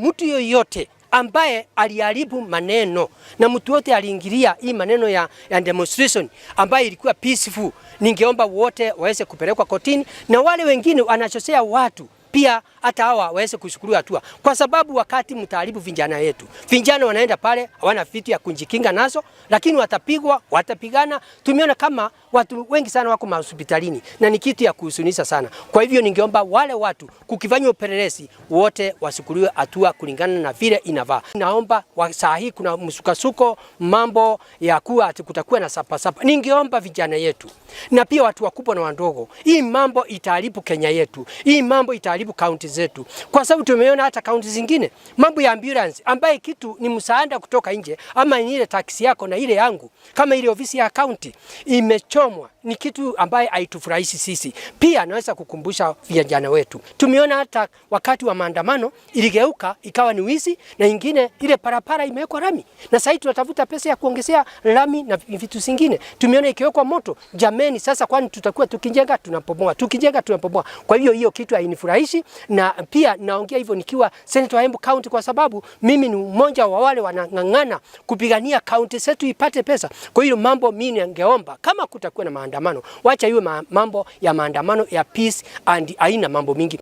mtu yoyote ambaye aliharibu maneno na mtu wote aliingilia hii maneno ya, ya demonstration ambayo ilikuwa peaceful, ningeomba wote waweze kupelekwa kotini na wale wengine wanachosea watu pia hata hawa waweze kuchukuliwa hatua, kwa sababu wakati mtaharibu vijana yetu, vijana wanaenda pale hawana vitu ya kujikinga nazo, lakini watapigwa, watapigana. Tumeona kama watu wengi sana wako mahospitalini na ni kitu ya kuhusunisha sana. Kwa hivyo ningeomba wale watu kukifanya upelelezi, wote wasukuliwe hatua kulingana na vile inavaa. Naomba saa hii kuna msukasuko, mambo ya kuwa ati kutakuwa na sapa. Ningeomba vijana yetu na pia watu wakubwa na wandogo, hii mambo itaharibu Kenya yetu, hii mambo itaharibu kuharibu kaunti zetu, kwa sababu tumeona hata kaunti zingine mambo ya ambulance, ambaye kitu ni msaada kutoka nje, ama ile taksi yako na ile yangu, kama ile ofisi ya kaunti imechomwa ni kitu ambaye haitufurahishi sisi. Pia naweza kukumbusha vijana wetu, tumeona hata wakati wa maandamano iligeuka ikawa ni wizi, na ingine ile parapara imewekwa rami, na sasa tunatafuta pesa ya kuongezea rami na vitu zingine. Tumeona ikiwekwa moto, jameni, sasa kwani tutakuwa tukijenga tunapomoa, tukijenga tunapomoa? Kwa hiyo hiyo kitu hainifurahishi, na pia naongea hivyo nikiwa senator wa Embu County, kwa sababu mimi ni mmoja wa wale wanang'ang'ana kupigania kaunti zetu ipate pesa. Kwa hiyo mambo mimi ningeomba kama kutakuwa na maandamano maandamano, wacha iwe mambo ya maandamano ya peace and aina mambo mingi.